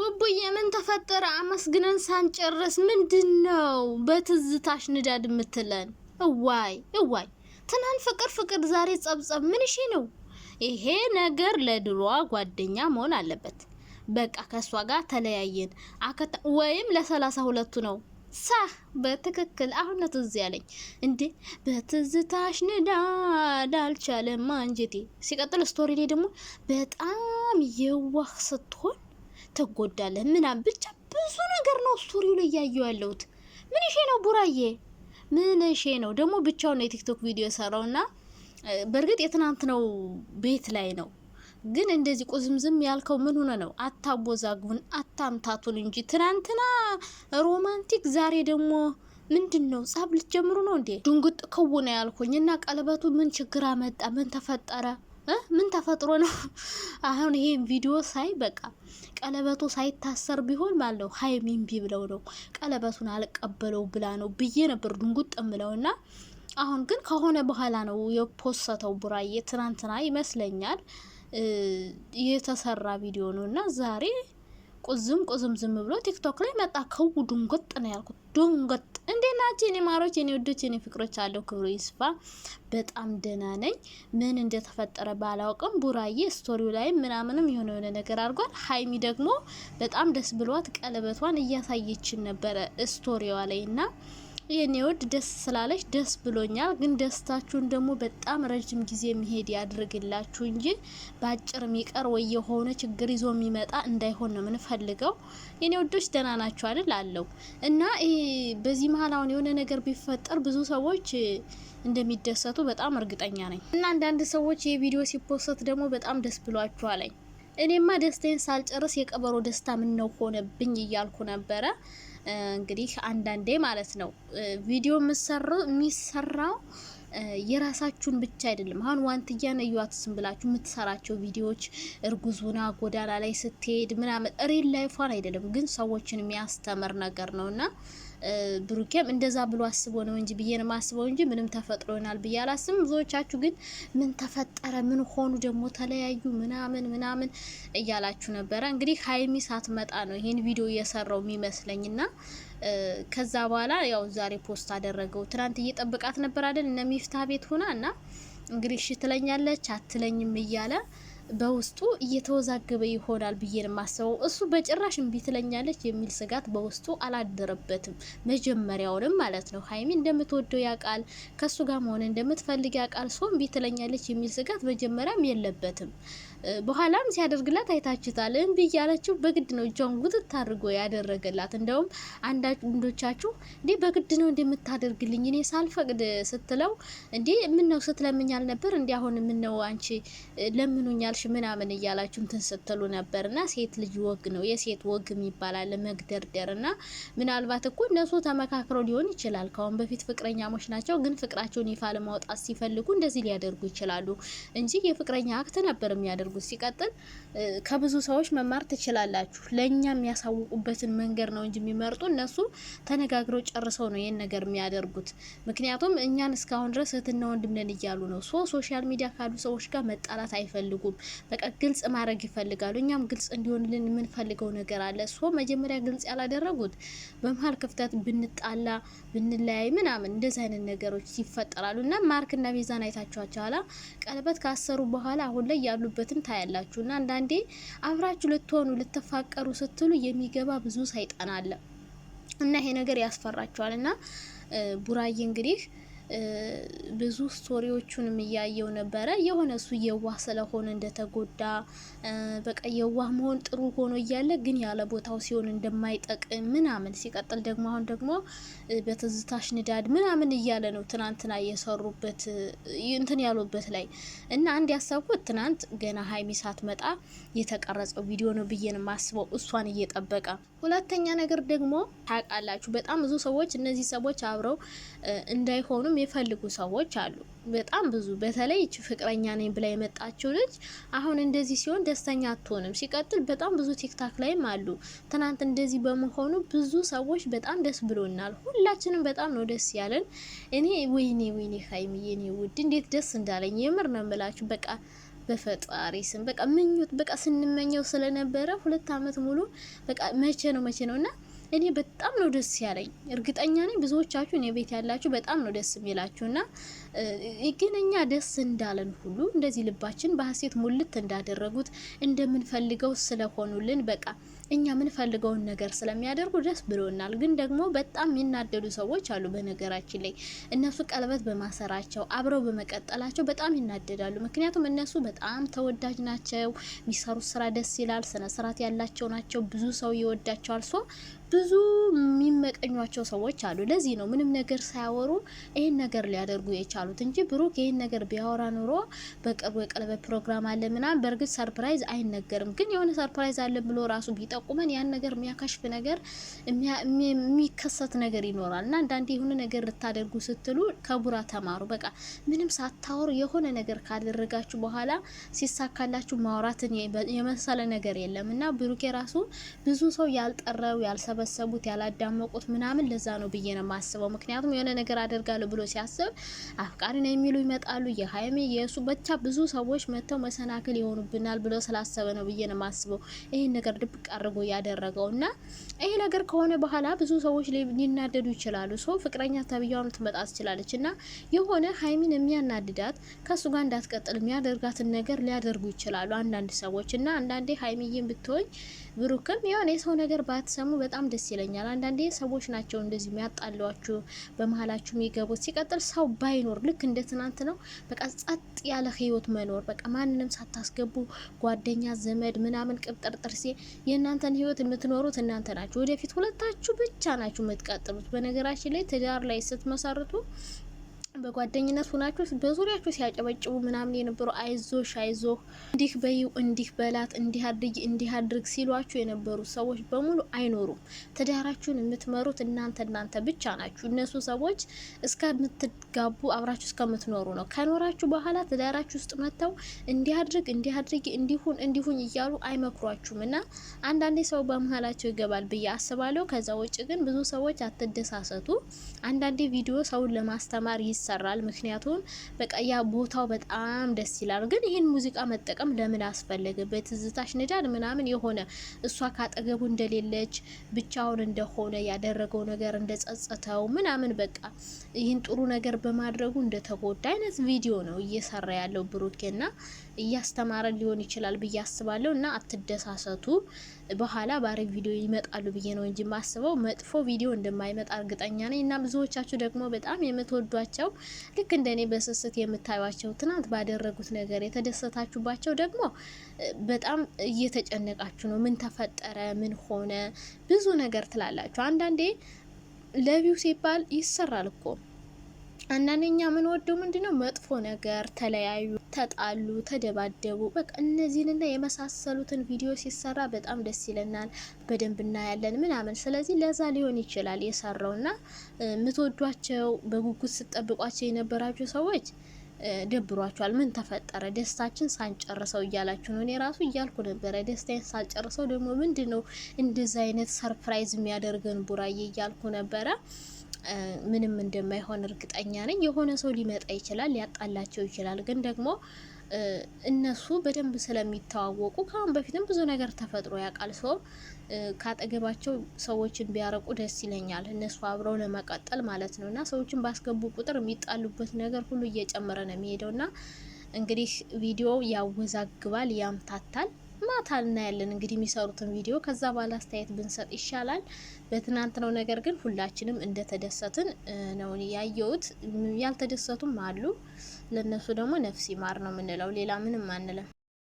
ቡቡዬ ምን ተፈጠረ? አመስግነን ሳንጨርስ ምንድን ነው በትዝታሽ ንዳድ የምትለን? እዋይ እዋይ! ትናንት ፍቅር ፍቅር፣ ዛሬ ጸብጸብ። ምን እሺ ነው ይሄ ነገር? ለድሮዋ ጓደኛ መሆን አለበት። በቃ ከእሷ ጋር ተለያየን አከታ ወይም ለሰላሳ ሁለቱ ነው ሳ በትክክል አሁን ትዝ ያለኝ እንዴ፣ በትዝታሽ ንዳድ አልቻለም አንጀቴ። ሲቀጥል ስቶሪ ላይ ደግሞ በጣም የዋህ ስትሆን ትጎዳለህ ምናምን ብቻ ብዙ ነገር ነው ስቶሪው ላይ እያየሁ ያለሁት። ምን ሼ ነው ቡራዬ፣ ምን ሼ ነው ደግሞ ብቻውን ነው የቲክቶክ ቪዲዮ የሰራው እና በእርግጥ የትናንት ነው ቤት ላይ ነው ግን እንደዚህ ቁዝምዝም ያልከው ምን ሆነ ነው? አታቦዛጉን አታምታቱን እንጂ ትናንትና ሮማንቲክ፣ ዛሬ ደግሞ ምንድን ነው? ጸብ ልትጀምሩ ነው እንዴ? ድንጉጥ ክው ነው ያልኩኝ እና ቀለበቱ ምን ችግር አመጣ? ምን ተፈጠረ? ምን ተፈጥሮ ነው? አሁን ይሄን ቪዲዮ ሳይ በቃ ቀለበቱ ሳይታሰር ቢሆን ማለው ነው ሀይሚ ብለው ነው ቀለበቱን አልቀበለው ብላ ነው ብዬ ነበር ድንጉጥ ምለው እና አሁን ግን ከሆነ በኋላ ነው የፖሰተው ቡራዬ ትናንትና ይመስለኛል የተሰራ ቪዲዮ ነው እና ዛሬ ቁዝም ቁዝም ዝም ብሎ ቲክቶክ ላይ መጣ። ከው ዱንገጥ ነው ያልኩት። ዱንገጥ እንዴት ናቸው የኔ ማሮች፣ የኔ ውዶች፣ የኔ ፍቅሮች? አለው ክብሩ ይስፋ። በጣም ደህና ነኝ። ምን እንደተፈጠረ ባላውቅም ቡራዬ ስቶሪው ላይ ምናምንም የሆነ የሆነ ነገር አድርጓል። ሀይሚ ደግሞ በጣም ደስ ብሏት ቀለበቷን እያሳየችን ነበረ ስቶሪዋ ላይ እና የኔ ውድ ደስ ስላለች ደስ ብሎኛል። ግን ደስታችሁን ደግሞ በጣም ረጅም ጊዜ መሄድ ያድርግላችሁ እንጂ በአጭር የሚቀር ወይ የሆነ ችግር ይዞ የሚመጣ እንዳይሆን ነው ምንፈልገው። የኔ ውዶች ደህና ናችሁ አይደል አለው እና በዚህ መሀል አሁን የሆነ ነገር ቢፈጠር ብዙ ሰዎች እንደሚደሰቱ በጣም እርግጠኛ ነኝ። እና አንዳንድ ሰዎች የቪዲዮ ሲፖሰት ደግሞ በጣም ደስ ብሏችኋለኝ እኔማ ደስታዬን ሳልጨርስ የቀበሮ ደስታ ምን ነው ሆነብኝ እያልኩ ነበረ። እንግዲህ አንዳንዴ ማለት ነው ቪዲዮ የሚሰራው የራሳችሁን ብቻ አይደለም። አሁን ዋንትያን እዩዋትስም ብላችሁ የምትሰራቸው ቪዲዮዎች እርጉዙና ጎዳና ላይ ስትሄድ ምናምን ሬል ላይፏን አይደለም፣ ግን ሰዎችን የሚያስተምር ነገር ነው እና ብሩኬም እንደዛ ብሎ አስቦ ነው እንጂ ብዬ ነው ማስበው እንጂ ምንም ተፈጥሮ ይሆናል ብዬ አላስብም። ብዙዎቻችሁ ግን ምን ተፈጠረ፣ ምን ሆኑ፣ ደግሞ ተለያዩ ምናምን ምናምን እያላችሁ ነበረ። እንግዲህ ሀይሚ ሳትመጣ ነው ይሄን ቪዲዮ እየሰራው የሚመስለኝና ከዛ በኋላ ያው ዛሬ ፖስት አደረገው። ትናንት እየጠበቃት ነበር አይደል? እነ ሚፍታ ቤት ሆና እና እንግዲህ እሺ ትለኛለች አትለኝም እያለ በውስጡ እየተወዛገበ ይሆናል ብዬ ነው የማስበው። እሱ በጭራሽ እምቢ ትለኛለች የሚል ስጋት በውስጡ አላደረበትም፣ መጀመሪያውንም ማለት ነው። ሀይሚ እንደምትወደው ያውቃል፣ ከእሱ ጋር መሆን እንደምትፈልግ ያውቃል። ሰው እምቢ ትለኛለች የሚል ስጋት መጀመሪያም የለበትም። በኋላም ሲያደርግላት አይታችታል። እምቢ እያለችው በግድ ነው እጇን ጉትት አድርጎ ያደረገላት። እንደውም አንዳንዶቻችሁ እንዲህ በግድ ነው እንደምታደርግልኝ እኔ ሳልፈቅድ ስትለው እንዲህ ምነው ስትለምኛል ነበር እንዲህ አሁን ምነው አንቺ ለምኑኛልሽ ምናምን እያላችሁ እንትን ስትሉ ነበር። እና ሴት ልጅ ወግ ነው የሴት ወግ የሚባላል መግደርደር። እና ምናልባት እኮ እነሱ ተመካክረው ሊሆን ይችላል። ከአሁን በፊት ፍቅረኛሞች ናቸው፣ ግን ፍቅራቸውን ይፋ ለማውጣት ሲፈልጉ እንደዚህ ሊያደርጉ ይችላሉ እንጂ የፍቅረኛ አክት ነበር የሚያደርጉ አድርጉት። ሲቀጥል ከብዙ ሰዎች መማር ትችላላችሁ። ለእኛ የሚያሳውቁበትን መንገድ ነው እንጂ የሚመርጡ እነሱ ተነጋግረው ጨርሰው ነው ይህን ነገር የሚያደርጉት። ምክንያቱም እኛን እስካሁን ድረስ እህትና ወንድም ነን እያሉ ነው። ሶ ሶሻል ሚዲያ ካሉ ሰዎች ጋር መጣላት አይፈልጉም። በቃ ግልጽ ማድረግ ይፈልጋሉ። እኛም ግልጽ እንዲሆንልን የምንፈልገው ነገር አለ። ሶ መጀመሪያ ግልጽ ያላደረጉት በመሀል ክፍተት ብንጣላ ብንለያይ ምናምን እንደዚህ አይነት ነገሮች ይፈጠራሉ እና ማርክና ቤዛን አይታችኋቸኋላ ቀለበት ካሰሩ በኋላ አሁን ላይ ያሉበትን ታያላችሁ። እና አንዳንዴ አብራችሁ ልትሆኑ ልትፋቀሩ ስትሉ የሚገባ ብዙ ሰይጣን አለ እና ይሄ ነገር ያስፈራቸዋል። እና ቡራዬ እንግዲህ ብዙ ስቶሪዎቹንም እያየው ነበረ። የሆነ እሱ የዋህ ስለሆነ እንደተጎዳ በቃ የዋህ መሆን ጥሩ ሆኖ እያለ ግን ያለ ቦታው ሲሆን እንደማይጠቅም ምናምን፣ ሲቀጥል ደግሞ አሁን ደግሞ በትዝታሽ ንዳድ ምናምን እያለ ነው ትናንትና የሰሩበት እንትን ያሉበት ላይ እና አንድ ያሰብኩት ትናንት ገና ሀይሚ ሳትመጣ የተቀረጸው ቪዲዮ ነው ብዬን ማስበው እሷን እየጠበቀ ሁለተኛ ነገር ደግሞ ታውቃላችሁ፣ በጣም ብዙ ሰዎች እነዚህ ሰዎች አብረው እንዳይሆኑ የሚፈልጉ ሰዎች አሉ። በጣም ብዙ በተለይ ፍቅረኛ ነኝ ብላ የመጣችው ልጅ አሁን እንደዚህ ሲሆን ደስተኛ አትሆንም። ሲቀጥል በጣም ብዙ ቲክታክ ላይም አሉ ትናንት እንደዚህ በመሆኑ ብዙ ሰዎች በጣም ደስ ብሎናል። ሁላችንም በጣም ነው ደስ ያለን። እኔ ወይኔ ወይኔ ሀይሚዬ፣ እኔ ውድ እንዴት ደስ እንዳለኝ የምር ነው የምላችሁ በቃ በፈጣሪ ስም በቃ ምኞት በቃ ስንመኘው ስለነበረ ሁለት አመት ሙሉ በቃ መቼ ነው መቼ ነው እና እኔ በጣም ነው ደስ ያለኝ። እርግጠኛ ነኝ ብዙዎቻችሁ እኔ ቤት ያላችሁ በጣም ነው ደስ የሚላችሁ እና ግን እኛ ደስ እንዳለን ሁሉ እንደዚህ ልባችን በሀሴት ሙልት እንዳደረጉት እንደምንፈልገው ስለሆኑልን በቃ እኛ ፈልገውን ነገር ስለሚያደርጉ ደስ ብሎናል። ግን ደግሞ በጣም የሚናደዱ ሰዎች አሉ። በነገራችን ላይ እነሱ ቀለበት በማሰራቸው አብረው በመቀጠላቸው በጣም ይናደዳሉ። ምክንያቱም እነሱ በጣም ተወዳጅ ናቸው። የሚሰሩት ስራ ደስ ይላል። ስነ ስርዓት ያላቸው ናቸው። ብዙ ሰው ይወዳቸዋል። ሶ ብዙ የሚመቀኟቸው ሰዎች አሉ። ለዚህ ነው ምንም ነገር ሳያወሩ ይህን ነገር ሊያደርጉ የቻሉት እንጂ ብሩክ ይህን ነገር ቢያወራ ኑሮ በቅርቡ የቀለበት ፕሮግራም አለ ምናምን፣ በእርግጥ ሰርፕራይዝ አይነገርም። ግን የሆነ ሰርፕራይዝ አለ ብሎ ራሱ ቢጠ አቁመን ያን ነገር የሚያከሽፍ ነገር የሚከሰት ነገር ይኖራል እና አንዳንዴ የሆነ ነገር ልታደርጉ ስትሉ ከቡራ ተማሩ። በቃ ምንም ሳታወሩ የሆነ ነገር ካደረጋችሁ በኋላ ሲሳካላችሁ ማውራትን የመሰለ ነገር የለም እና ብሩኬ ራሱ ብዙ ሰው ያልጠራው ያልሰበሰቡት ያላዳመቁት ምናምን ለዛ ነው ብዬ ነው የማስበው። ምክንያቱም የሆነ ነገር አደርጋለሁ ብሎ ሲያስብ አፍቃሪ ነው የሚሉ ይመጣሉ፣ የሀይሜ የእሱ ብቻ ብዙ ሰዎች መጥተው መሰናክል ይሆኑብናል ብሎ ስላሰበ ነው ብዬ ነው የማስበው። ይህን ነገር ድብቅ እንዲያደርጉ ያደረገው እና ይሄ ነገር ከሆነ በኋላ ብዙ ሰዎች ሊናደዱ ይችላሉ። ሰው ፍቅረኛ ተብያዋም ልትመጣ ትችላለች እና የሆነ ሀይሚን የሚያናድዳት ከእሱ ጋር እንዳትቀጥል የሚያደርጋትን ነገር ሊያደርጉ ይችላሉ አንዳንድ ሰዎች እና አንዳንዴ ሀይሚዬን ብትሆኝ ብሩክም የሆነ የሰው ነገር ባትሰሙ በጣም ደስ ይለኛል። አንዳንዴ ሰዎች ናቸው እንደዚህ የሚያጣሏችሁ በመሀላችሁ የሚገቡት። ሲቀጥል ሰው ባይኖር ልክ እንደ ትናንት ነው። በቃ ጸጥ ያለ ህይወት መኖር በቃ ማንንም ሳታስገቡ ጓደኛ፣ ዘመድ ምናምን ቅብጥርጥር ሴ የእናንተን ህይወት የምትኖሩት እናንተ ናችሁ። ወደፊት ሁለታችሁ ብቻ ናችሁ የምትቀጥሉት። በነገራችን ላይ ትዳር ላይ ስትመሰርቱ በጓደኝነት ሁናችሁ በዙሪያችሁ ሲያጨበጭቡ ምናምን የነበሩ አይዞሽ አይዞ እንዲህ በይው እንዲህ በላት እንዲህ አድርጊ እንዲህ አድርግ ሲሏችሁ የነበሩ ሰዎች በሙሉ አይኖሩም። ትዳራችሁን የምትመሩት እናንተ እናንተ ብቻ ናችሁ። እነሱ ሰዎች እስከምትጋቡ አብራችሁ እስከምትኖሩ ነው። ከኖራችሁ በኋላ ትዳራችሁ ውስጥ መጥተው እንዲህ አድርግ እንዲህ አድርጊ እንዲሁን እንዲሁን እያሉ አይመክሯችሁም እና አንዳንዴ ሰው በመሀላቸው ይገባል ብዬ አስባለሁ። ከዛ ውጭ ግን ብዙ ሰዎች አትደሳሰቱ። አንዳንዴ ቪዲዮ ሰውን ለማስተማር ይሳ ይሰራል። ምክንያቱም በቃ ያ ቦታው በጣም ደስ ይላል። ግን ይህን ሙዚቃ መጠቀም ለምን አስፈለገ? በትዝታሽ ነዳድ ምናምን የሆነ እሷ ካጠገቡ እንደሌለች ብቻውን እንደሆነ ያደረገው ነገር እንደጸጸተው ምናምን በቃ ይህን ጥሩ ነገር በማድረጉ እንደተጎዳ አይነት ቪዲዮ ነው እየሰራ ያለው ብሩኬና እያስተማረን ሊሆን ይችላል ብዬ አስባለሁ እና አትደሳሰቱ። በኋላ ባሪ ቪዲዮ ይመጣሉ ብዬ ነው እንጂ ማስበው መጥፎ ቪዲዮ እንደማይመጣ እርግጠኛ ነኝ። እና ብዙዎቻችሁ ደግሞ በጣም የምትወዷቸው ልክ እንደኔ በስስት የምታዩቸው ትናንት ባደረጉት ነገር የተደሰታችሁባቸው ደግሞ በጣም እየተጨነቃችሁ ነው። ምን ተፈጠረ፣ ምን ሆነ ብዙ ነገር ትላላችሁ። አንዳንዴ ለቪው ሲባል ይሰራል እኮ አንዳንደኛ ምን ወደው ምንድነው መጥፎ ነገር ተለያዩ፣ ተጣሉ፣ ተደባደቡ በቃ እነዚህንና የመሳሰሉትን ቪዲዮ ሲሰራ በጣም ደስ ይለናል። በደንብ እናያለን ምናምን። ስለዚህ ለዛ ሊሆን ይችላል እና ምትወዷቸው በጉጉት ስጠብቋቸው የነበራቸው ሰዎች ደብሯቸዋል። ምን ተፈጠረ? ደስታችን ሳንጨርሰው እያላችሁ ነው። እኔ ራሱ እያልኩ ነበረ ደስታን ሳንጨርሰው ደግሞ ምንድነው እንደዚ አይነት ሰርፕራይዝ የሚያደርገን ቡራዬ እያልኩ ነበረ። ምንም እንደማይሆን እርግጠኛ ነኝ። የሆነ ሰው ሊመጣ ይችላል፣ ሊያጣላቸው ይችላል። ግን ደግሞ እነሱ በደንብ ስለሚተዋወቁ ከአሁን በፊትም ብዙ ነገር ተፈጥሮ ያውቃል። ሰው ካጠገባቸው ሰዎችን ቢያረቁ ደስ ይለኛል፣ እነሱ አብረው ለመቀጠል ማለት ነው። እና ሰዎችን ባስገቡ ቁጥር የሚጣሉበት ነገር ሁሉ እየጨመረ ነው የሚሄደው። እና እንግዲህ ቪዲዮ ያወዛግባል፣ ያምታታል። ማታ እናያለን እንግዲህ የሚሰሩትን ቪዲዮ። ከዛ በኋላ አስተያየት ብንሰጥ ይሻላል። በትናንትናው ነገር ግን ሁላችንም እንደተደሰትን ነው ያየሁት። ያልተደሰቱም አሉ። ለእነሱ ደግሞ ነፍስ ይማር ነው የምንለው፣ ሌላ ምንም አንለም።